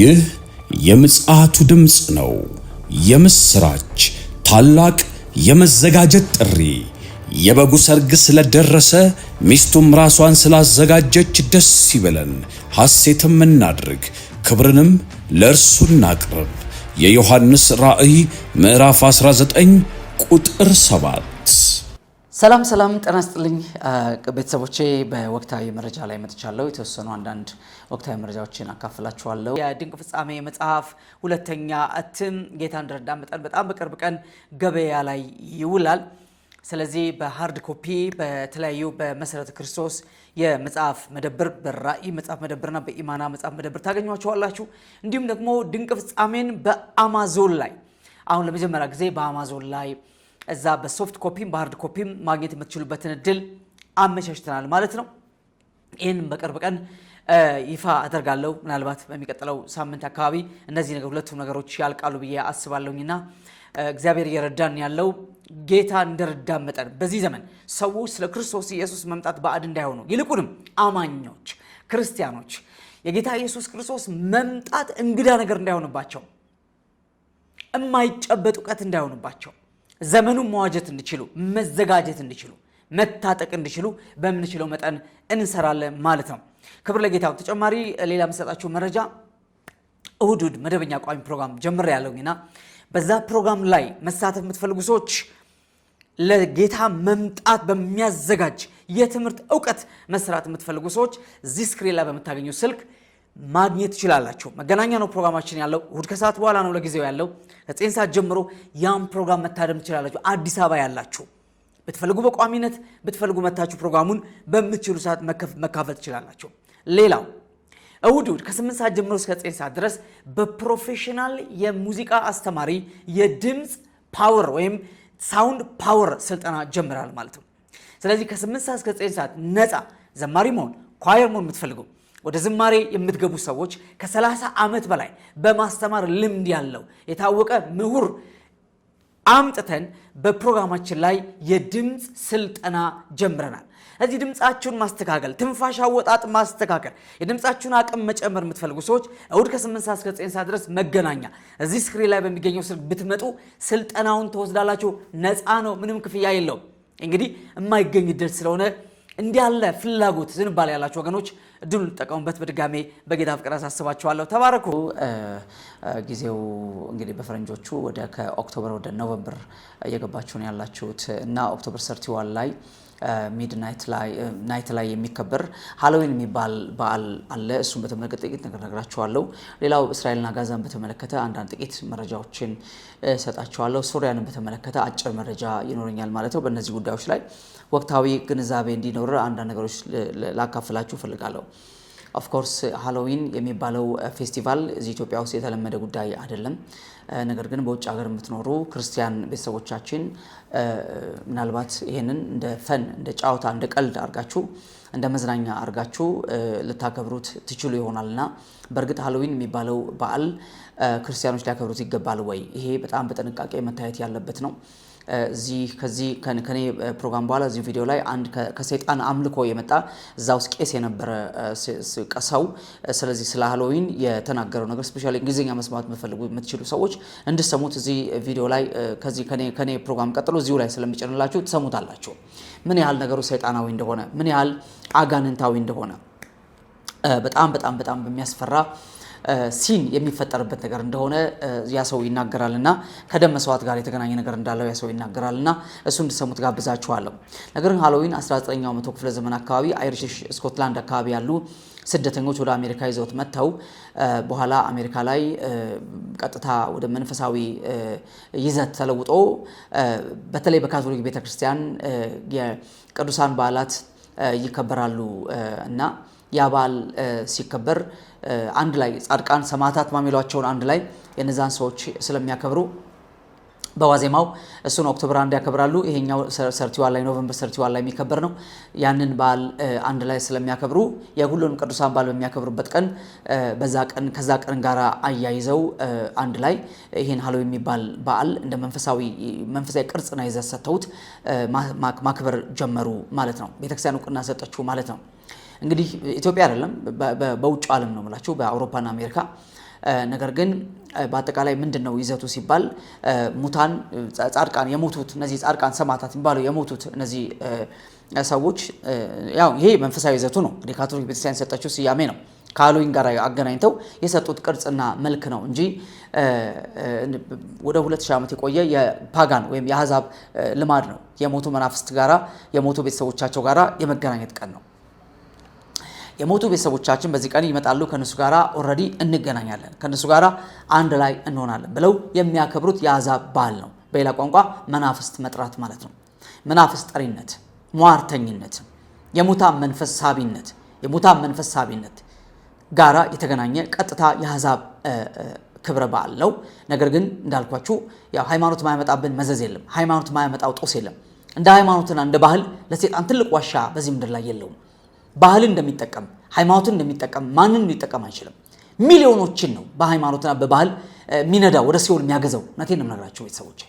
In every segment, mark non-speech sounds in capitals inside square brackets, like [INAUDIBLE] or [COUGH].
ይህ የምጽአቱ ድምፅ ነው። የምስራች ታላቅ የመዘጋጀት ጥሪ። የበጉ ሰርግ ስለደረሰ ሚስቱም ራሷን ስላዘጋጀች ደስ ይበለን፣ ሐሴትም እናድርግ፣ ክብርንም ለእርሱ እናቅርብ። የዮሐንስ ራእይ ምዕራፍ 19 ቁጥር 7 ሰላም ሰላም፣ ጤና ይስጥልኝ ቤተሰቦቼ። በወቅታዊ መረጃ ላይ መጥቻለሁ። የተወሰኑ አንዳንድ ወቅታዊ መረጃዎችን አካፍላችኋለሁ። የድንቅ ፍጻሜ መጽሐፍ ሁለተኛ እትም ጌታ ረዳ መጠን በጣም በቅርብ ቀን ገበያ ላይ ይውላል። ስለዚህ በሀርድ ኮፒ በተለያዩ በመሰረተ ክርስቶስ የመጽሐፍ መደብር በራእይ መጽሐፍ መደብርና በኢማና መጽሐፍ መደብር ታገኟቸዋላችሁ። እንዲሁም ደግሞ ድንቅ ፍጻሜን በአማዞን ላይ አሁን ለመጀመሪያ ጊዜ በአማዞን ላይ እዛ በሶፍት ኮፒም በሃርድ ኮፒም ማግኘት የምትችሉበትን እድል አመቻችተናል ማለት ነው። ይህን በቅርብ ቀን ይፋ አደርጋለሁ። ምናልባት በሚቀጥለው ሳምንት አካባቢ እነዚህ ነገር ነገሮች ያልቃሉ ብዬ አስባለሁኝና እግዚአብሔር እየረዳን ያለው ጌታ እንደረዳን መጠን በዚህ ዘመን ሰዎች ስለ ክርስቶስ ኢየሱስ መምጣት ባዕድ እንዳይሆኑ ይልቁንም አማኞች ክርስቲያኖች የጌታ ኢየሱስ ክርስቶስ መምጣት እንግዳ ነገር እንዳይሆንባቸው፣ የማይጨበጥ እውቀት እንዳይሆንባቸው ዘመኑን መዋጀት እንዲችሉ፣ መዘጋጀት እንዲችሉ፣ መታጠቅ እንዲችሉ በምንችለው መጠን እንሰራለን ማለት ነው። ክብር ለጌታ። ተጨማሪ ሌላ የምሰጣችሁ መረጃ እሁድ እሁድ መደበኛ ቋሚ ፕሮግራም ጀምር ያለውና በዛ ፕሮግራም ላይ መሳተፍ የምትፈልጉ ሰዎች ለጌታ መምጣት በሚያዘጋጅ የትምህርት እውቀት መስራት የምትፈልጉ ሰዎች እዚህ ስክሪን ላይ በምታገኙ ስልክ ማግኘት ትችላላችሁ። መገናኛ ነው ፕሮግራማችን ያለው እሁድ ከሰዓት በኋላ ነው ለጊዜው ያለው። ከዘጠኝ ሰዓት ጀምሮ ያን ፕሮግራም መታደም ትችላላችሁ። አዲስ አበባ ያላችሁ ብትፈልጉ በቋሚነት ብትፈልጉ መታችሁ ፕሮግራሙን በምትችሉ ሰዓት መካፈል ትችላላችሁ። ሌላው እሁድ እሁድ ከስምንት ሰዓት ጀምሮ እስከ ዘጠኝ ሰዓት ድረስ በፕሮፌሽናል የሙዚቃ አስተማሪ የድምፅ ፓወር ወይም ሳውንድ ፓወር ስልጠና ጀምራል ማለት ነው። ስለዚህ ከስምንት ሰዓት እስከ ዘጠኝ ሰዓት ነፃ ዘማሪ መሆን ኳየር መሆን የምትፈልጉ ወደ ዝማሬ የምትገቡ ሰዎች ከ30 ዓመት በላይ በማስተማር ልምድ ያለው የታወቀ ምሁር አምጥተን በፕሮግራማችን ላይ የድምፅ ስልጠና ጀምረናል። እዚህ ድምፃችሁን ማስተካከል፣ ትንፋሽ አወጣጥ ማስተካከል፣ የድምፃችሁን አቅም መጨመር የምትፈልጉ ሰዎች እሁድ ከ8 ሰዓት እስከ 9 ሰዓት ድረስ መገናኛ እዚህ ስክሪን ላይ በሚገኘው ስልክ ብትመጡ ስልጠናውን ተወስዳላችሁ። ነፃ ነው፣ ምንም ክፍያ የለውም። እንግዲህ የማይገኝ ድል ስለሆነ እንዲያለ ፍላጎት ዝንባል ያላቸው ወገኖች እድሉ ልጠቀሙበት በድጋሜ በጌታ ፍቅር አሳስባችኋለሁ። ተባረኩ። ጊዜው እንግዲህ በፈረንጆቹ ወደ ከኦክቶበር ወደ ኖቨምበር እየገባችሁን ነው ያላችሁት እና ኦክቶበር ሰርቲዋን ላይ ሚድ ናይት ላይ የሚከበር ሀሎዊን የሚባል በዓል አለ። እሱን በተመለከተ ጥቂት ነገር ነግራችኋለሁ። ሌላው እስራኤልና ጋዛን በተመለከተ አንዳንድ ጥቂት መረጃዎችን ሰጣችኋለሁ። ሱሪያንን በተመለከተ አጭር መረጃ ይኖረኛል ማለት ነው። በእነዚህ ጉዳዮች ላይ ወቅታዊ ግንዛቤ እንዲኖር አንዳንድ ነገሮች ላካፍላችሁ እፈልጋለሁ። ኦፍኮርስ ሃሎዊን የሚባለው ፌስቲቫል እዚህ ኢትዮጵያ ውስጥ የተለመደ ጉዳይ አይደለም። ነገር ግን በውጭ ሀገር የምትኖሩ ክርስቲያን ቤተሰቦቻችን ምናልባት ይህንን እንደ ፈን፣ እንደ ጫውታ እንደ ቀልድ አርጋችሁ እንደ መዝናኛ አድርጋችሁ ልታከብሩት ትችሉ ይሆናልና በእርግጥ ሀሎዊን የሚባለው በዓል ክርስቲያኖች ሊያከብሩት ይገባል ወይ? ይሄ በጣም በጥንቃቄ መታየት ያለበት ነው። እዚህ ከዚህ ከኔ ፕሮግራም በኋላ እዚሁ ቪዲዮ ላይ አንድ ከሰይጣን አምልኮ የመጣ እዛ ውስጥ ቄስ የነበረ ሰው ስለዚህ ስለ ሃሎዊን የተናገረው ነገር ስፔሻሊ እንግሊዝኛ መስማት የምፈልጉ የምትችሉ ሰዎች እንድሰሙት እዚህ ቪዲዮ ላይ ከዚህ ከኔ ፕሮግራም ቀጥሎ እዚሁ ላይ ስለሚጭንላችሁ ትሰሙታላችሁ። ምን ያህል ነገሩ ሰይጣናዊ እንደሆነ ምን ያህል አጋንንታዊ እንደሆነ በጣም በጣም በጣም በሚያስፈራ ሲን የሚፈጠርበት ነገር እንደሆነ ያ ሰው ይናገራልና ከደም መስዋዕት ጋር የተገናኘ ነገር እንዳለው ያ ሰው ይናገራልና እሱ እንድሰሙት ጋብዛችኋለሁ። ነገር ግን ሃሎዊን 19ኛው መቶ ክፍለ ዘመን አካባቢ አይሪሽ ስኮትላንድ አካባቢ ያሉ ስደተኞች ወደ አሜሪካ ይዘውት መጥተው በኋላ አሜሪካ ላይ ቀጥታ ወደ መንፈሳዊ ይዘት ተለውጦ በተለይ በካቶሊክ ቤተክርስቲያን የቅዱሳን በዓላት ይከበራሉ እና ያ በዓል ሲከበር አንድ ላይ ጻድቃን ሰማዕታት ማሚሏቸውን አንድ ላይ የነዛን ሰዎች ስለሚያከብሩ በዋዜማው እሱን ኦክቶበር አንድ ያከብራሉ። ይሄኛው ሰርቲዋን ላይ ኖቨምበር ሰርቲዋን ላይ የሚከበር ነው። ያንን በዓል አንድ ላይ ስለሚያከብሩ የሁሉንም ቅዱሳን በዓል በሚያከብሩበት ቀን በዛ ቀን ከዛ ቀን ጋር አያይዘው አንድ ላይ ይሄን ሀሎ የሚባል በዓል እንደ መንፈሳዊ መንፈሳዊ ቅርጽ ነው ይዘት ሰጥተውት ማክበር ጀመሩ ማለት ነው። ቤተክርስቲያን እውቅና ሰጠችው ማለት ነው። እንግዲህ ኢትዮጵያ አይደለም በውጭ ዓለም ነው የምላችሁ በአውሮፓና አሜሪካ። ነገር ግን በአጠቃላይ ምንድን ነው ይዘቱ ሲባል ሙታን ጻድቃን የሞቱት እነዚህ ጻድቃን ሰማዕታት የሚባለው የሞቱት እነዚህ ሰዎች ያው ይሄ መንፈሳዊ ይዘቱ ነው። እንግዲህ ካቶሊክ ቤተክርስቲያን የሰጠችው ስያሜ ነው። ከሃሎዊን ጋር አገናኝተው የሰጡት ቅርጽና መልክ ነው እንጂ ወደ 2000 ዓመት የቆየ የፓጋን ወይም የአህዛብ ልማድ ነው። የሞቱ መናፍስት ጋራ የሞቱ ቤተሰቦቻቸው ጋራ የመገናኘት ቀን ነው። የሞቱ ቤተሰቦቻችን በዚህ ቀን ይመጣሉ፣ ከነሱ ጋራ ኦልሬዲ እንገናኛለን፣ ከነሱ ጋራ አንድ ላይ እንሆናለን ብለው የሚያከብሩት የአሕዛብ በዓል ነው። በሌላ ቋንቋ መናፍስት መጥራት ማለት ነው። መናፍስት ጠሪነት፣ ሟርተኝነት፣ የሙታ መንፈስ ሳቢነት የሙታ መንፈስ ሳቢነት ጋራ የተገናኘ ቀጥታ የአሕዛብ ክብረ በዓል ነው። ነገር ግን እንዳልኳችሁ ያው ሃይማኖት ማያመጣብን መዘዝ የለም። ሃይማኖት ማያመጣው ጦስ የለም። እንደ ሃይማኖትና እንደ ባህል ለሴጣን ትልቅ ዋሻ በዚህ ምድር ላይ የለውም። ባህልን እንደሚጠቀም ሃይማኖትን እንደሚጠቀም ማንን ሊጠቀም አይችልም። ሚሊዮኖችን ነው በሃይማኖትና በባህል ሚነዳ ወደ ሲኦል የሚያገዘው። እውነቴን ነው የምነግራቸው ቤተሰቦች።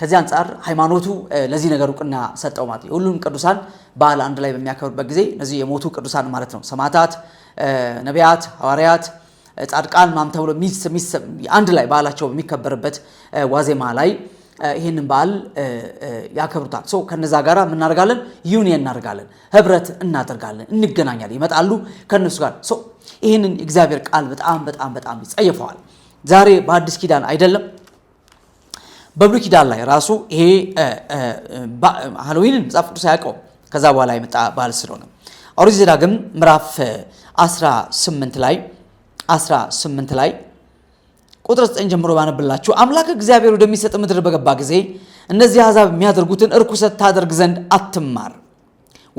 ከዚህ አንጻር ሃይማኖቱ ለዚህ ነገር እውቅና ሰጠው ማለት ነው። ሁሉም ቅዱሳን በዓል አንድ ላይ በሚያከብርበት ጊዜ እነዚህ የሞቱ ቅዱሳን ማለት ነው ሰማዕታት፣ ነቢያት፣ ሐዋርያት፣ ጻድቃን ማም ተብሎ አንድ ላይ በዓላቸው በሚከበርበት ዋዜማ ላይ ይህንን በዓል ያከብሩታል። ሰው ከነዛ ጋር ምናደርጋለን? ዩኒየን እናደርጋለን፣ ህብረት እናደርጋለን፣ እንገናኛለን። ይመጣሉ ከነሱ ጋር ሰው ይህንን እግዚአብሔር ቃል በጣም በጣም በጣም ይጸየፈዋል። ዛሬ በአዲስ ኪዳን አይደለም በብሉይ ኪዳን ላይ ራሱ ይሄ ሃሎዊንን መጽሐፍ ቅዱስ አያውቀውም። ከዛ በኋላ የመጣ በዓል ስለሆነ ኦሪት ዘዳግም ምዕራፍ 18 ላይ 18 ላይ ቁጥር 9 ጀምሮ ባነብላችሁ አምላክ እግዚአብሔር ወደሚሰጥ ምድር በገባ ጊዜ እነዚህ አሕዛብ የሚያደርጉትን እርኩሰት ታደርግ ዘንድ አትማር።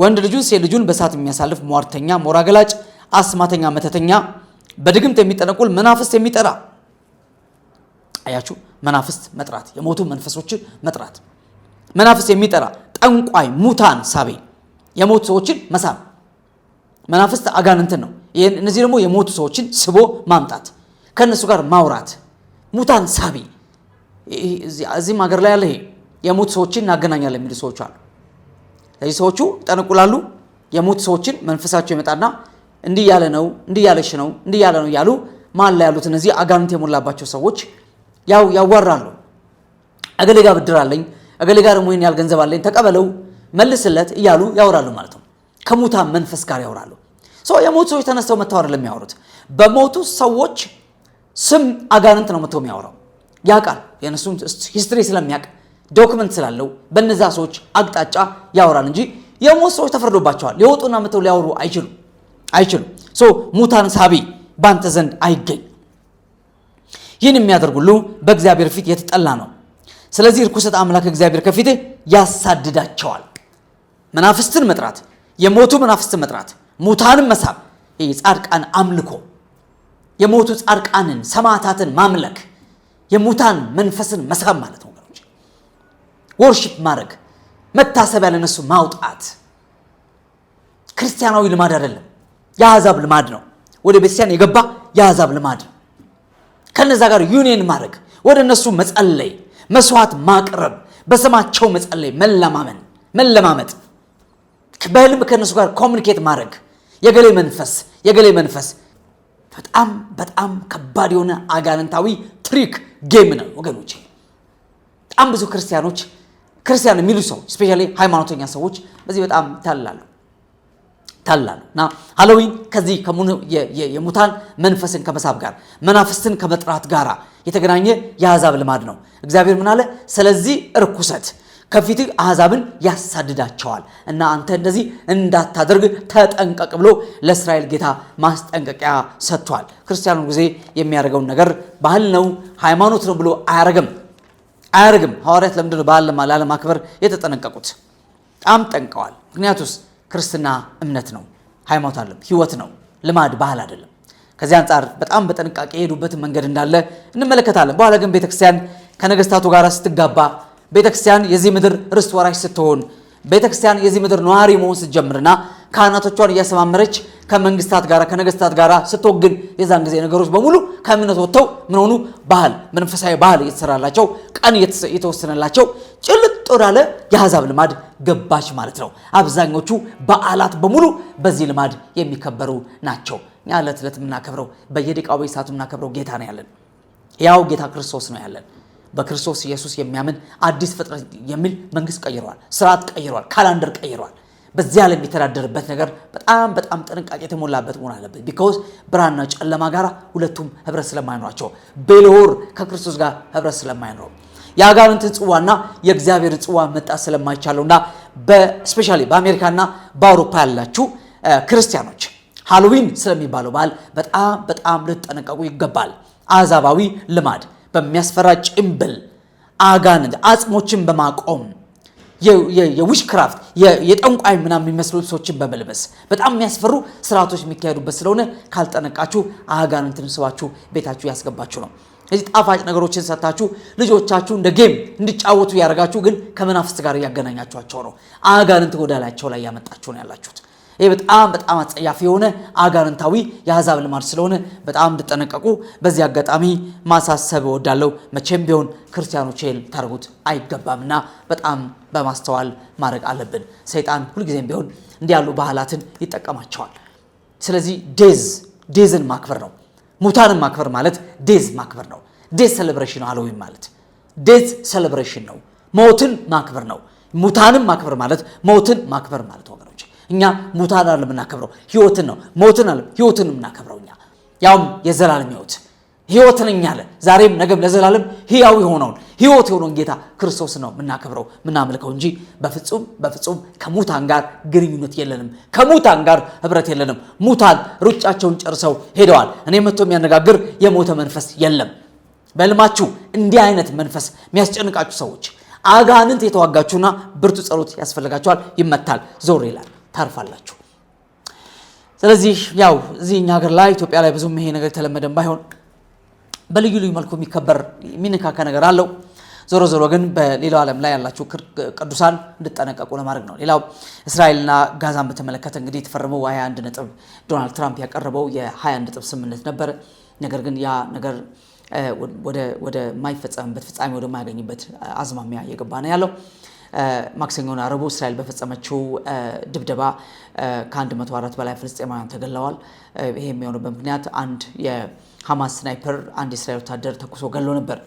ወንድ ልጁን ሴት ልጁን በእሳት የሚያሳልፍ ሟርተኛ፣ ሞራ ገላጭ፣ አስማተኛ፣ መተተኛ፣ በድግምት የሚጠነቁል መናፍስት የሚጠራ አያችሁ፣ መናፍስት መጥራት የሞቱ መንፈሶችን መጥራት መናፍስት የሚጠራ ጠንቋይ፣ ሙታን ሳቤ፣ የሞቱ ሰዎችን መሳብ መናፍስት አጋንንትን ነው። እነዚህ ደግሞ የሞቱ ሰዎችን ስቦ ማምጣት ከእነሱ ጋር ማውራት ሙታን ሳቢ እዚህም ሀገር ላይ ያለ የሙት ሰዎችን እናገናኛለን የሚሉ ሰዎች አሉ። ስለዚህ ሰዎቹ ጠነቁላሉ። የሙት ሰዎችን መንፈሳቸው ይመጣና እንዲህ ያለ ነው፣ እንዲህ ያለሽ ነው፣ እንዲህ ያለ ነው እያሉ መሀል ላይ ያሉት እነዚህ አጋንንት የሞላባቸው ሰዎች ያው ያዋራሉ። እገሌ ጋ ብድር አለኝ፣ እገሌ ጋ ደግሞ ይህን ያህል ገንዘብ አለኝ፣ ተቀበለው መልስለት እያሉ ያወራሉ ማለት ነው። ከሙታን መንፈስ ጋር ያወራሉ። የሞቱ ሰዎች ተነስተው መታወር ለሚያወሩት በሞቱ ሰዎች ስም አጋንንት ነው መጥቶ የሚያወራው ያ ቃል የእነሱን ሂስትሪ ስለሚያውቅ ዶክመንት ስላለው በነዛ ሰዎች አቅጣጫ ያወራል እንጂ የሞት ሰዎች ተፈርዶባቸዋል። ሊወጡና መተው ሊያወሩ አይችሉ አይችሉም። ሶ ሙታን ሳቢ በአንተ ዘንድ አይገኝ። ይህን የሚያደርግ ሁሉ በእግዚአብሔር ፊት የተጠላ ነው። ስለዚህ እርኩሰት አምላክ እግዚአብሔር ከፊት ያሳድዳቸዋል። መናፍስትን መጥራት፣ የሞቱ መናፍስትን መጥራት፣ ሙታንም መሳብ፣ ጻድቃን አምልኮ የሞቱ ጻድቃንን ሰማዕታትን ማምለክ የሙታን መንፈስን መሳብ ማለት ነው ወገኖች። ወርሺፕ ማድረግ መታሰቢያ ለነሱ ማውጣት ክርስቲያናዊ ልማድ አይደለም፣ የአሕዛብ ልማድ ነው። ወደ ቤተክርስቲያን የገባ የአሕዛብ ልማድ ነው። ከነዛ ጋር ዩኒየን ማድረግ፣ ወደ እነሱ መጸለይ፣ መስዋዕት ማቅረብ፣ በስማቸው መጸለይ፣ መለማመን መለማመጥ፣ በህልም ከእነሱ ጋር ኮሚኒኬት ማድረግ የገሌ መንፈስ የገሌ መንፈስ በጣም በጣም ከባድ የሆነ አጋንንታዊ ትሪክ ጌም ነው ወገኖች በጣም ብዙ ክርስቲያኖች ክርስቲያን የሚሉ ሰዎች እስፔሻሊ ሃይማኖተኛ ሰዎች በዚህ በጣም ታላሉ ታላሉ እና ሃሎዊን ከዚህ የሙታን መንፈስን ከመሳብ ጋር መናፍስትን ከመጥራት ጋር የተገናኘ የአሕዛብ ልማድ ነው። እግዚአብሔር ምን አለ? ስለዚህ እርኩሰት ከፊት አሕዛብን ያሳድዳቸዋል እና አንተ እንደዚህ እንዳታደርግ ተጠንቀቅ ብሎ ለእስራኤል ጌታ ማስጠንቀቂያ ሰጥቷል። ክርስቲያኑ ጊዜ የሚያደርገውን ነገር ባህል ነው ሃይማኖት ነው ብሎ አያረግም አያረግም። ሐዋርያት ለምድ ባህል ላለማክበር የተጠነቀቁት? በጣም ጠንቀዋል። ምክንያቱስ ክርስትና እምነት ነው፣ ሃይማኖት አለም ህይወት ነው፣ ልማድ ባህል አይደለም። ከዚህ አንጻር በጣም በጥንቃቄ የሄዱበትን መንገድ እንዳለ እንመለከታለን። በኋላ ግን ቤተክርስቲያን ከነገስታቱ ጋር ስትጋባ ቤተክርስቲያን የዚህ ምድር ርስት ወራሽ ስትሆን ቤተክርስቲያን የዚህ ምድር ነዋሪ መሆን ስትጀምርና ካህናቶቿን እያሰማመረች ከመንግስታት ጋር ከነገስታት ጋር ስትወግን የዛን ጊዜ ነገሮች በሙሉ ከእምነት ወጥተው ምን ሆኑ? ባህል መንፈሳዊ ባህል እየተሰራላቸው ቀን የተወሰነላቸው ጭልጥ ወዳለ የአሕዛብ ልማድ ገባች ማለት ነው። አብዛኞቹ በዓላት በሙሉ በዚህ ልማድ የሚከበሩ ናቸው። እኛ ዕለት ዕለት የምናከብረው በየደቂቃው በየሰዓቱ የምናከብረው ጌታ ነው ያለን፣ ያው ጌታ ክርስቶስ ነው ያለን። በክርስቶስ ኢየሱስ የሚያምን አዲስ ፍጥረት የሚል መንግስት ቀይረዋል፣ ስርዓት ቀይረዋል፣ ካላንደር ቀይረዋል። በዚያ ዓለም የሚተዳደርበት ነገር በጣም በጣም ጥንቃቄ የተሞላበት መሆን አለበት። ቢካውስ ብርሃንና ጨለማ ጋር ሁለቱም ህብረት ስለማይኖራቸው፣ ቤልሆር ከክርስቶስ ጋር ህብረት ስለማይኖረው የአጋንንትን ጽዋና የእግዚአብሔር ጽዋ መጣት ስለማይቻለውና በስፔሻሊ በአሜሪካና በአውሮፓ ያላችሁ ክርስቲያኖች ሃሎዊን ስለሚባለው በዓል በጣም በጣም ልትጠነቀቁ ይገባል። አዛባዊ ልማድ በሚያስፈራ ጭምብል አጋንንት አጽሞችን በማቆም የዊሽክራፍት የጠንቋይ ምናምን የሚመስሉ ልብሶችን በመልበስ በጣም የሚያስፈሩ ስርዓቶች የሚካሄዱበት ስለሆነ ካልጠነቃችሁ አጋንንትን ስባችሁ ቤታችሁ ያስገባችሁ ነው። እዚህ ጣፋጭ ነገሮችን ሰታችሁ ልጆቻችሁ እንደ ጌም እንዲጫወቱ እያደረጋችሁ ግን ከመናፍስት ጋር እያገናኛችኋቸው ነው። አጋንንት ወደ ላያቸው ላይ ያመጣችሁ ነው ያላችሁት። ይህ በጣም በጣም አጸያፊ የሆነ አጋንንታዊ የአሕዛብ ልማድ ስለሆነ በጣም እንድጠነቀቁ በዚህ አጋጣሚ ማሳሰብ እወዳለሁ። መቼም ቢሆን ክርስቲያኖች ይህን ታደርጉት አይገባምና በጣም በማስተዋል ማድረግ አለብን። ሰይጣን ሁልጊዜም ቢሆን እንዲህ ያሉ ባህላትን ይጠቀማቸዋል። ስለዚህ ዴዝ ዴዝን ማክበር ነው። ሙታንን ማክበር ማለት ዴዝ ማክበር ነው። ዴዝ ሴሌብሬሽን ነው። ሃሎዊን ማለት ዴዝ ሴሌብሬሽን ነው። ሞትን ማክበር ነው። ሙታንን ማክበር ማለት ሞትን ማክበር ማለት እኛ ሙታን አለ የምናከብረው ህይወትን ነው። ሞትን አለ ህይወትን የምናከብረው እኛ ያውም የዘላለም ህይወት ህይወትን እኛ አለ ዛሬም ነገም ለዘላለም ህያው የሆነውን ህይወት የሆነውን ጌታ ክርስቶስ ነው የምናከብረው የምናመልከው እንጂ በፍጹም በፍጹም ከሙታን ጋር ግንኙነት የለንም። ከሙታን ጋር ህብረት የለንም። ሙታን ሩጫቸውን ጨርሰው ሄደዋል። እኔ መጥቶ የሚያነጋግር የሞተ መንፈስ የለም። በልማችሁ እንዲህ አይነት መንፈስ የሚያስጨንቃችሁ ሰዎች አጋንንት የተዋጋችሁና ብርቱ ጸሎት ያስፈልጋችኋል። ይመታል፣ ዞር ይላል። ታርፋላችሁ። ስለዚህ ያው እዚህ እኛ ሀገር ላይ ኢትዮጵያ ላይ ብዙም ይሄ ነገር የተለመደም ባይሆን በልዩ ልዩ መልኩ የሚከበር የሚነካካ ነገር አለው። ዞሮ ዞሮ ግን በሌላው ዓለም ላይ ያላችሁ ቅዱሳን እንድጠነቀቁ ለማድረግ ነው። ሌላው እስራኤልና ጋዛን በተመለከተ እንግዲህ የተፈረመው 21 ነጥብ ዶናልድ ትራምፕ ያቀረበው የ21 ነጥብ ስምምነት ነበር። ነገር ግን ያ ነገር ወደ ማይፈጸምበት ፍጻሜ ወደማያገኝበት አዝማሚያ እየገባ ነው ያለው። ማክሰኞን አረቡ እስራኤል በፈጸመችው ድብደባ ከ104 በላይ ፍልስጤማውያን ተገለዋል። ይሄ የሚሆንበት ምክንያት አንድ የሐማስ ስናይፐር አንድ የእስራኤል ወታደር ተኩሶ ገሎ ነበር።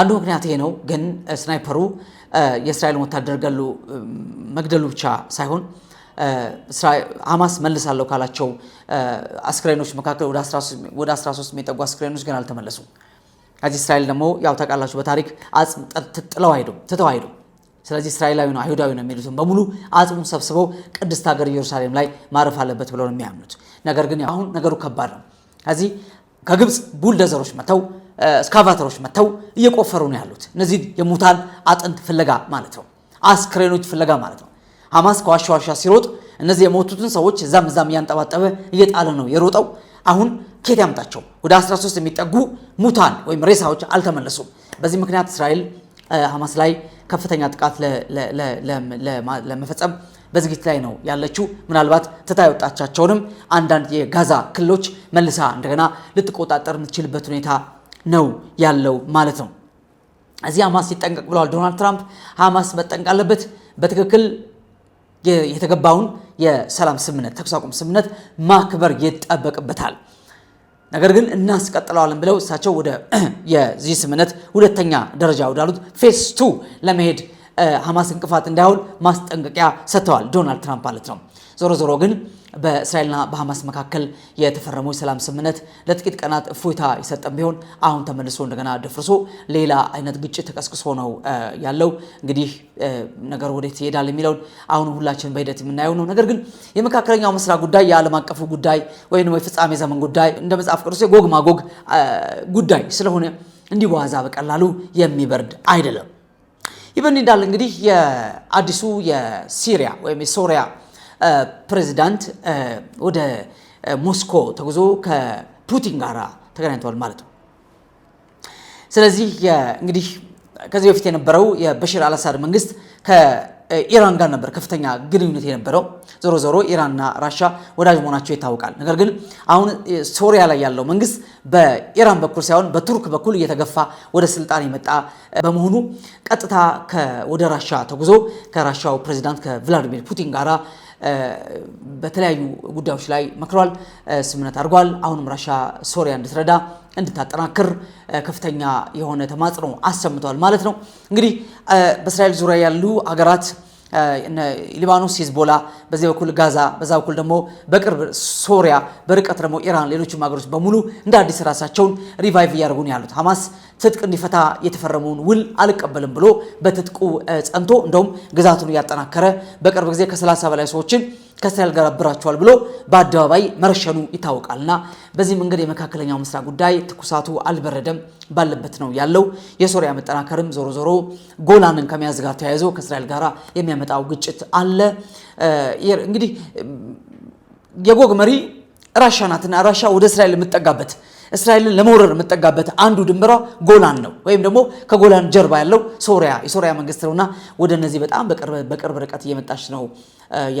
አንዱ ምክንያት ይሄ ነው። ግን ስናይፐሩ የእስራኤልን ወታደር ገሎ መግደሉ ብቻ ሳይሆን ሐማስ መልሳለሁ ካላቸው አስክሬኖች መካከል ወደ 13 የሚጠጉ አስክሬኖች ግን አልተመለሱም። ከዚህ እስራኤል ደግሞ ያው ታውቃላችሁ በታሪክ አጽም ጥለው አይዱ ትተው አይዱ። ስለዚህ እስራኤላዊ ነው አይሁዳዊ ነው የሚሉትም በሙሉ አጽሙን ሰብስበው ቅድስት ሀገር ኢየሩሳሌም ላይ ማረፍ አለበት ብለው ነው የሚያምኑት። ነገር ግን አሁን ነገሩ ከባድ ነው። ከዚህ ከግብፅ ቡልደዘሮች መጥተው እስካቫተሮች መጥተው እየቆፈሩ ነው ያሉት። እነዚህ የሙታን አጥንት ፍለጋ ማለት ነው፣ አስክሬኖች ፍለጋ ማለት ነው። ሐማስ ከዋሻ ዋሻ ሲሮጥ እነዚህ የሞቱትን ሰዎች እዛም እዛም እያንጠባጠበ እየጣለ ነው የሮጠው አሁን ኬት ያምጣቸው? ወደ 13 የሚጠጉ ሙታን ወይም ሬሳዎች አልተመለሱም። በዚህ ምክንያት እስራኤል ሐማስ ላይ ከፍተኛ ጥቃት ለመፈጸም በዝግጅት ላይ ነው ያለችው። ምናልባት ትታ የወጣቻቸውንም አንዳንድ የጋዛ ክልሎች መልሳ እንደገና ልትቆጣጠር የምትችልበት ሁኔታ ነው ያለው ማለት ነው። እዚህ ሐማስ ይጠንቀቅ ብለዋል ዶናልድ ትራምፕ። ሐማስ መጠንቅ አለበት በትክክል የተገባውን የሰላም ስምምነት ተኩስ አቁም ስምምነት ማክበር ይጠበቅበታል። ነገር ግን እናስቀጥለዋለን ብለው እሳቸው ወደ [CLEARS THROAT] የዚህ ስምምነት ሁለተኛ ደረጃ ወዳሉት ፌስ ቱ ለመሄድ ሐማስ እንቅፋት እንዳይሆን ማስጠንቀቂያ ሰጥተዋል ዶናልድ ትራምፕ ማለት ነው። ዞሮ ዞሮ ግን በእስራኤልና በሐማስ መካከል የተፈረመው የሰላም ስምምነት ለጥቂት ቀናት እፎይታ የሰጠን ቢሆን አሁን ተመልሶ እንደገና ደፍርሶ ሌላ አይነት ግጭት ተቀስቅሶ ነው ያለው። እንግዲህ ነገር ወዴት ይሄዳል የሚለውን አሁን ሁላችን በሂደት የምናየው ነው። ነገር ግን የመካከለኛው ምስራቅ ጉዳይ የዓለም አቀፉ ጉዳይ ወይም ደግሞ የፍጻሜ ዘመን ጉዳይ እንደ መጽሐፍ ቅዱስ ጎግ ማጎግ ጉዳይ ስለሆነ እንዲህ በዋዛ በቀላሉ የሚበርድ አይደለም። ይህ በእንዲህ እንዳለ እንግዲህ የአዲሱ የሲሪያ ወይም የሶሪያ ፕሬዚዳንት ወደ ሞስኮ ተጉዞ ከፑቲን ጋር ተገናኝተዋል ማለት ነው። ስለዚህ እንግዲህ ከዚህ በፊት የነበረው የበሽር አልአሳድ መንግስት ኢራን ጋር ነበር ከፍተኛ ግንኙነት የነበረው። ዞሮ ዞሮ ኢራንና ራሻ ወዳጅ መሆናቸው ይታወቃል። ነገር ግን አሁን ሶሪያ ላይ ያለው መንግስት በኢራን በኩል ሳይሆን በቱርክ በኩል እየተገፋ ወደ ስልጣን የመጣ በመሆኑ ቀጥታ ወደ ራሻ ተጉዞ ከራሻው ፕሬዚዳንት ከቭላዲሚር ፑቲን ጋራ በተለያዩ ጉዳዮች ላይ መክሯል፣ ስምምነት አድርጓል። አሁንም ራሻ ሶሪያ እንድትረዳ እንድታጠናክር ከፍተኛ የሆነ ተማጽኖ አሰምተዋል ማለት ነው። እንግዲህ በእስራኤል ዙሪያ ያሉ ሀገራት ሊባኖስ ሂዝቦላ፣ በዚህ በኩል ጋዛ፣ በዛ በኩል ደግሞ በቅርብ ሶሪያ፣ በርቀት ደግሞ ኢራን፣ ሌሎችም ሀገሮች በሙሉ እንደ አዲስ ራሳቸውን ሪቫይቭ እያደርጉን ነው ያሉት። ሀማስ ትጥቅ እንዲፈታ የተፈረመውን ውል አልቀበልም ብሎ በትጥቁ ጸንቶ እንደውም ግዛቱን እያጠናከረ በቅርብ ጊዜ ከ30 በላይ ሰዎችን ከእስራኤል ጋር አብራቸዋል ብሎ በአደባባይ መረሸኑ ይታወቃልና በዚህ መንገድ የመካከለኛው ምስራቅ ጉዳይ ትኩሳቱ አልበረደም፣ ባለበት ነው ያለው። የሶሪያ መጠናከርም ዞሮ ዞሮ ጎላንን ከመያዝ ጋር ተያይዞ ከእስራኤል ጋር የሚያመጣው ግጭት አለ። እንግዲህ የጎግ መሪ ራሻ ናትና ራሻ ወደ እስራኤል የምጠጋበት እስራኤልን ለመውረር የምጠጋበት አንዱ ድንበሯ ጎላን ነው፣ ወይም ደግሞ ከጎላን ጀርባ ያለው ሶሪያ የሶሪያ መንግስት ነውና ወደ እነዚህ በጣም በቅርብ ርቀት እየመጣች ነው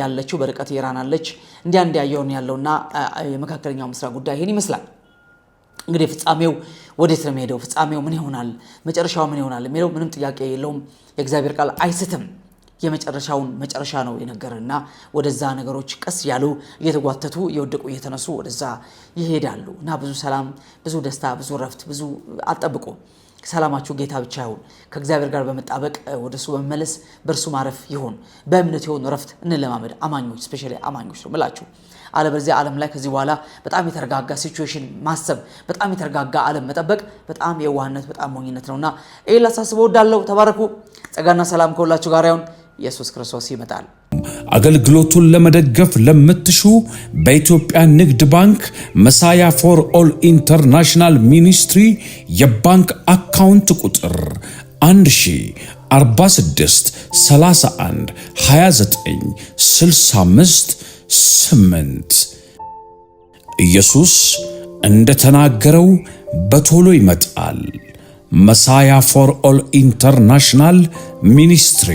ያለችው። በርቀት ኢራን አለች። እንዲያ እንዲያ እየሆን ያለውና የመካከለኛው ምስራቅ ጉዳይ ይህን ይመስላል። እንግዲህ ፍጻሜው ወዴት ነው የሚሄደው? ፍጻሜው ምን ይሆናል? መጨረሻው ምን ይሆናል የሚለው ምንም ጥያቄ የለውም። የእግዚአብሔር ቃል አይስትም። የመጨረሻውን መጨረሻ ነው የነገረና ወደዛ ነገሮች ቀስ ያሉ እየተጓተቱ እየወደቁ እየተነሱ ወደዛ ይሄዳሉ እና ብዙ ሰላም፣ ብዙ ደስታ፣ ብዙ ረፍት፣ ብዙ አልጠብቁ። ሰላማችሁ ጌታ ብቻ ይሁን። ከእግዚአብሔር ጋር በመጣበቅ ወደ እሱ በመመለስ በእርሱ ማረፍ ይሁን። በእምነት የሆኑ ረፍት እንለማመድ። አማኞች ስፔሻሊ አማኞች ነው ምላችሁ አለበለዚያ ዓለም ላይ ከዚህ በኋላ በጣም የተረጋጋ ሲቹዌሽን ማሰብ፣ በጣም የተረጋጋ ዓለም መጠበቅ በጣም የዋህነት፣ በጣም ሞኝነት ነውና ይህ ላሳስበው እወዳለሁ። ተባረኩ። ጸጋና ሰላም ከሁላችሁ ጋር ይሁን። ኢየሱስ ክርስቶስ ይመጣል። አገልግሎቱን ለመደገፍ ለምትሹ በኢትዮጵያ ንግድ ባንክ መሳያ ፎር ኦል ኢንተርናሽናል ሚኒስትሪ የባንክ አካውንት ቁጥር 46 31 29 65 8 ኢየሱስ እንደተናገረው በቶሎ ይመጣል። መሳያ ፎር ኦል ኢንተርናሽናል ሚኒስትሪ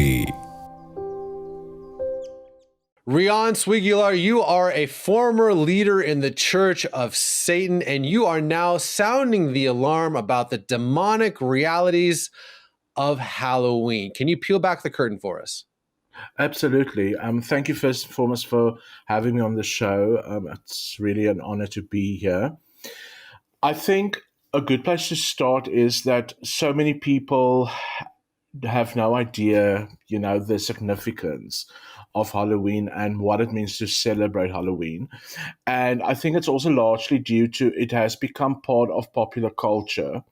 Rian Swigular, you are a former leader in the Church of Satan, and you are now sounding the alarm about the demonic realities of Halloween. Can you peel back the curtain for us? Absolutely. Um, thank you first and foremost for having me on the show. Um, it's really an honor to be here. I think a good place to start is that so many people have no idea, you know, the significance of Halloween and what it means to celebrate Halloween. And I think it's also largely due to it has become part of popular culture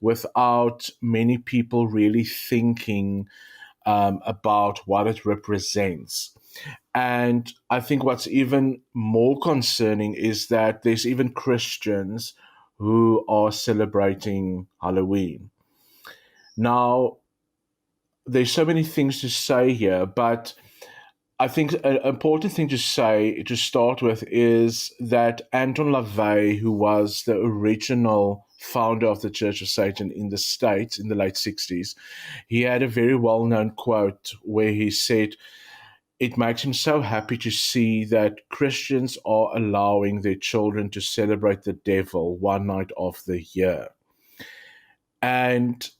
without many people really thinking um, about what it represents. And I think what's even more concerning is that there's even Christians who are celebrating Halloween. Now, there's so many things to say here, but I think an important thing to say to start with is that Anton LaVey, who was the original founder of the Church of Satan in the States in the late 60s, he had a very well known quote where he said, It makes him so happy to see that Christians are allowing their children to celebrate the devil one night of the year. And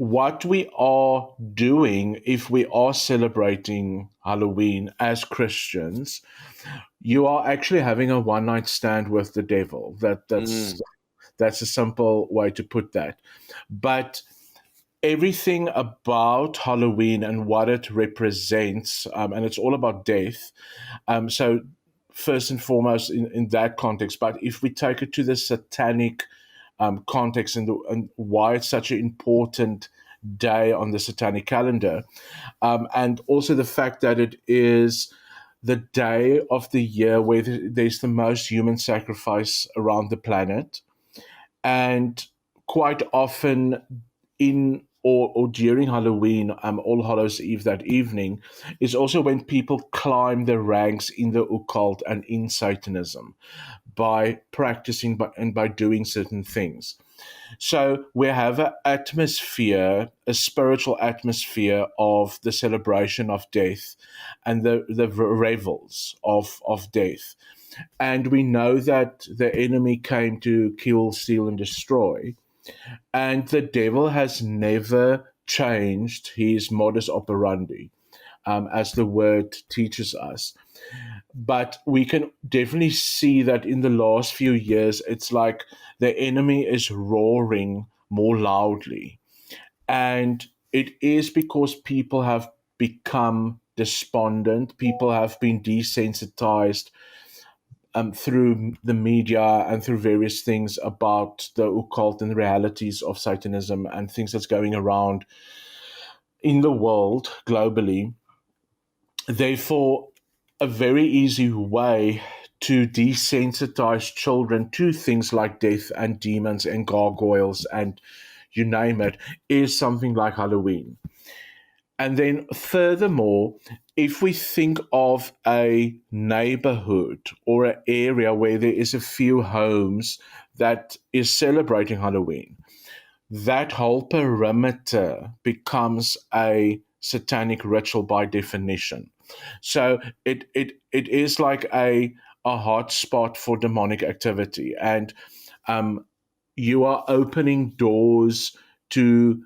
what we are doing if we are celebrating Halloween as Christians, you are actually having a one night stand with the devil. That that's mm. that's a simple way to put that. But everything about Halloween and what it represents, um, and it's all about death. Um, so first and foremost in, in that context, but if we take it to the satanic um, context and, the, and, why it's such an important day on the satanic calendar. Um, and also the fact that it is the day of the year where there's the most human sacrifice around the planet. And quite often in or, or during Halloween, um, All Hallows Eve that evening, is also when people climb the ranks in the occult and in Satanism by practicing by, and by doing certain things. So we have an atmosphere, a spiritual atmosphere of the celebration of death and the, the revels of, of death. And we know that the enemy came to kill, steal, and destroy. And the devil has never changed his modus operandi, um, as the word teaches us. But we can definitely see that in the last few years, it's like the enemy is roaring more loudly. And it is because people have become despondent, people have been desensitized um, through the media and through various things about the occult and the realities of Satanism and things that's going around in the world globally. Therefore, a very easy way to desensitize children to things like death and demons and gargoyles and you name it is something like Halloween. And then, furthermore, if we think of a neighborhood or an area where there is a few homes that is celebrating Halloween, that whole perimeter becomes a satanic ritual by definition. So it it it is like a a hot spot for demonic activity, and um, you are opening doors to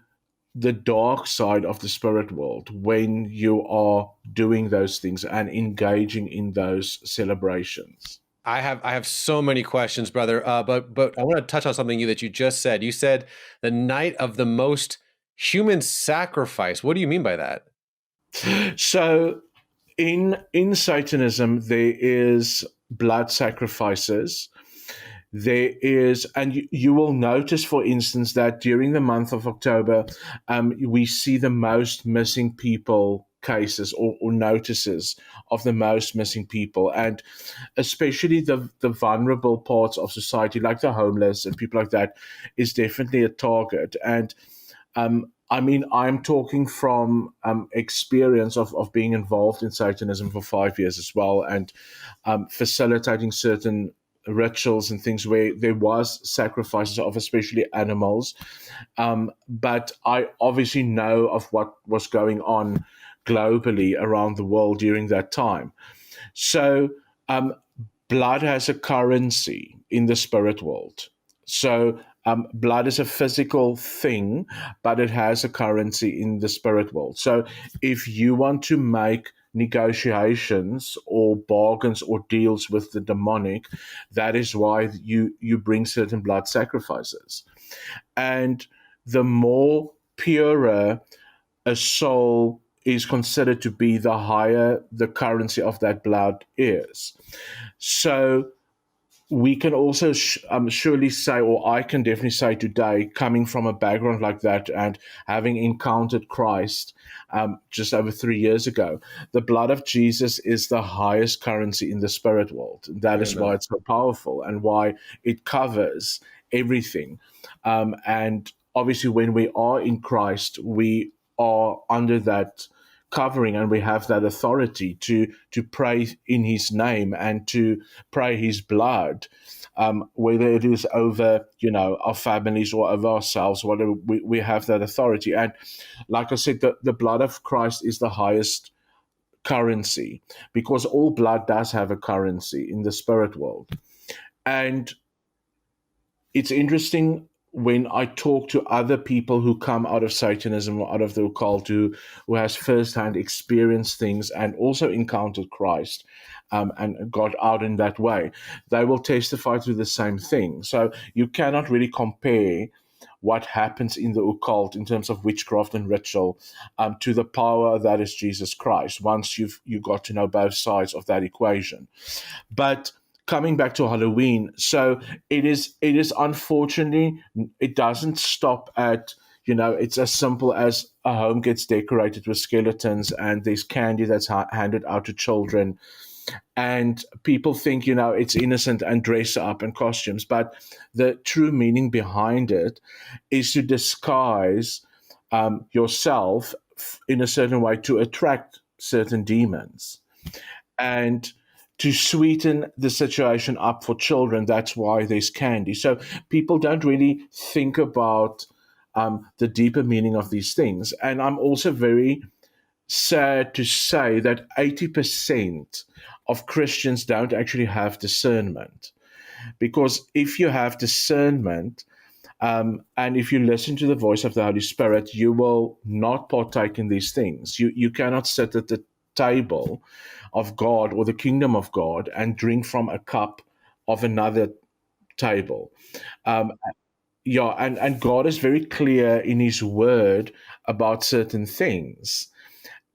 the dark side of the spirit world when you are doing those things and engaging in those celebrations. I have I have so many questions, brother. Uh, but but I want to touch on something you that you just said. You said the night of the most human sacrifice. What do you mean by that? So, in in Satanism, there is blood sacrifices. There is, and you, you will notice, for instance, that during the month of October, um, we see the most missing people cases or, or, notices of the most missing people, and especially the the vulnerable parts of society, like the homeless and people like that, is definitely a target. And um, I mean, I'm talking from um, experience of, of being involved in Satanism for five years as well and um, facilitating certain rituals and things where there was sacrifices of especially animals. Um, but I obviously know of what was going on globally around the world during that time. So um, blood has a currency in the spirit world. So um, blood is a physical thing, but it has a currency in the spirit world. So if you want to make negotiations or bargains or deals with the demonic, that is why you you bring certain blood sacrifices, and the more purer a soul is considered to be, the higher the currency of that blood is. So we can also sh- um, surely say, or I can definitely say today, coming from a background like that and having encountered Christ um, just over three years ago, the blood of Jesus is the highest currency in the spirit world. That is Amen. why it's so powerful and why it covers everything. Um, and obviously, when we are in Christ, we are under that covering and we have that authority to to pray in his name and to pray his blood um, whether it is over you know our families or over ourselves whatever we, we have that authority and like i said the, the blood of christ is the highest currency because all blood does have a currency in the spirit world and it's interesting when I talk to other people who come out of Satanism or out of the occult who, who has firsthand experienced things and also encountered Christ um, and got out in that way, they will testify to the same thing. So you cannot really compare what happens in the occult in terms of witchcraft and ritual um, to the power that is Jesus Christ once you've you got to know both sides of that equation. But – coming back to Halloween, so it is it is unfortunately it doesn't stop at you know it's as simple as a home gets decorated with skeletons and there's candy that's ha- handed out to children and people think you know it's innocent and dress up in costumes but the true meaning behind it is to disguise um, yourself in a certain way to attract certain demons and to sweeten the situation up for children. That's why there's candy. So people don't really think about um, the deeper meaning of these things. And I'm also very sad to say that 80% of Christians don't actually have discernment. Because if you have discernment, um, and if you listen to the voice of the Holy Spirit, you will not partake in these things. You you cannot sit at the table of God or the kingdom of God and drink from a cup of another table. Um, yeah, and, and God is very clear in his word about certain things.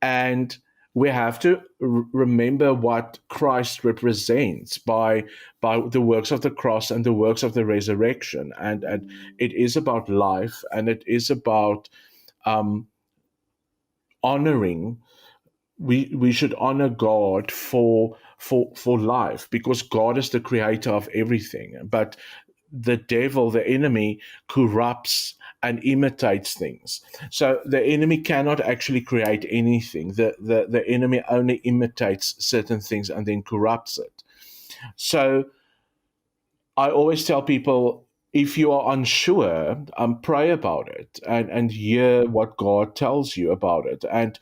And we have to r- remember what Christ represents by by the works of the cross and the works of the resurrection, and and it is about life, and it is about um, honoring we we should honor God for for for life because God is the creator of everything. But the devil, the enemy, corrupts and imitates things. So the enemy cannot actually create anything. The, the, the enemy only imitates certain things and then corrupts it. So I always tell people if you are unsure, um, pray about it and, and hear what God tells you about it. And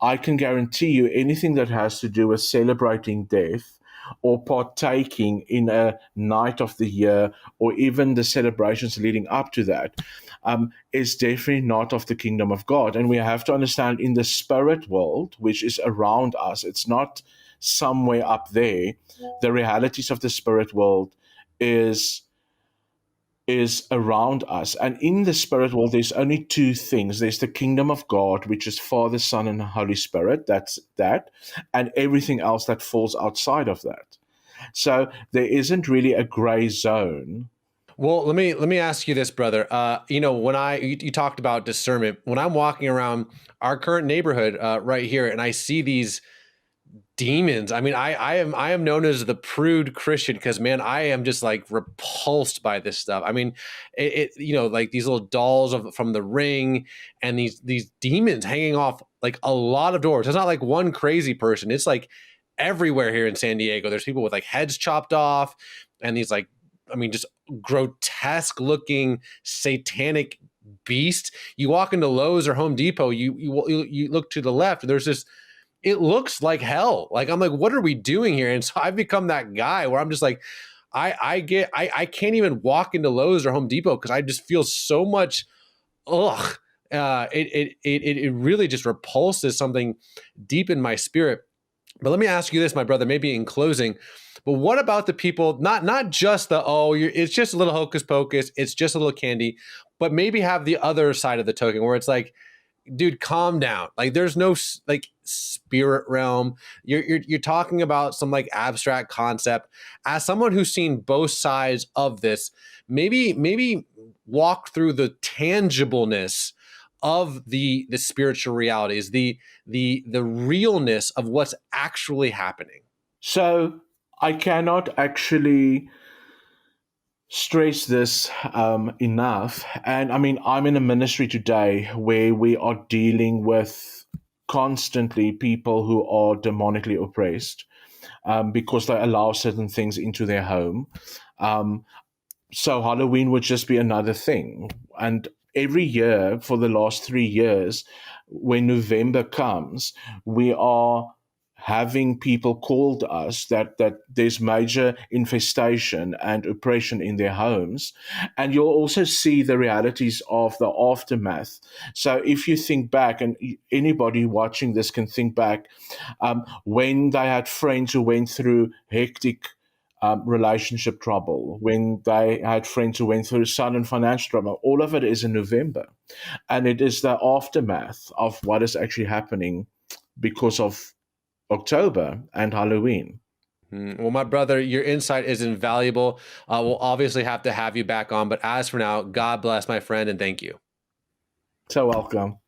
I can guarantee you anything that has to do with celebrating death or partaking in a night of the year or even the celebrations leading up to that um, is definitely not of the kingdom of God. And we have to understand in the spirit world, which is around us, it's not somewhere up there. The realities of the spirit world is is around us. And in the spirit world, there's only two things there's the kingdom of God, which is Father, Son, and Holy Spirit. That's that. And everything else that falls outside of that. So there isn't really a gray zone. Well, let me let me ask you this, brother. Uh, you know, when I you, you, talked about discernment, when I'm walking around our current neighborhood uh, right here, and I see these demons. I mean, I I am I am known as the prude Christian because man, I am just like repulsed by this stuff. I mean, it, it, you know like these little dolls of, from the ring and these these demons hanging off like a lot of doors. It's not like one crazy person. It's like everywhere here in San Diego. There's people with like heads chopped off and these like I mean just grotesque looking satanic beast. You walk into Lowe's or Home Depot, you you you look to the left, and there's this it looks like hell. Like I'm like, what are we doing here? And so [LAUGHS] I've become that guy where I'm just like, I I get I I can't even walk into Lowe's or Home Depot because I just feel so much ugh. Uh, it, it it it really just repulses something deep in my spirit. But let me ask you this, my brother, maybe in closing. But what about the people? Not not just the oh, it's just a little hocus pocus, it's just a little candy, but maybe have the other side of the token where it's like dude, calm down. Like, there's no like spirit realm. You're, you're you're talking about some like abstract concept. As someone who's seen both sides of this, maybe maybe walk through the tangibleness of the the spiritual realities, the the the realness of what's actually happening. So I cannot actually stress this um, enough. And I mean, I'm in a ministry today where we are dealing with constantly people who are demonically oppressed um, because they allow certain things into their home. Um, so Halloween would just be another thing. And every year for the last three years, when November comes, we are having people called us that that there's major infestation and oppression in their homes and you'll also see the realities of the aftermath so if you think back and anybody watching this can think back um, when they had friends who went through hectic um, relationship trouble, when they had friends who went through sudden financial trouble. All of it is in November. And it is the aftermath of what is actually happening because of October and Halloween. Hmm. Well, my brother, your insight is invaluable. Uh, we'll obviously have to have you back on, but as for now, God bless, my friend, and thank you. So welcome.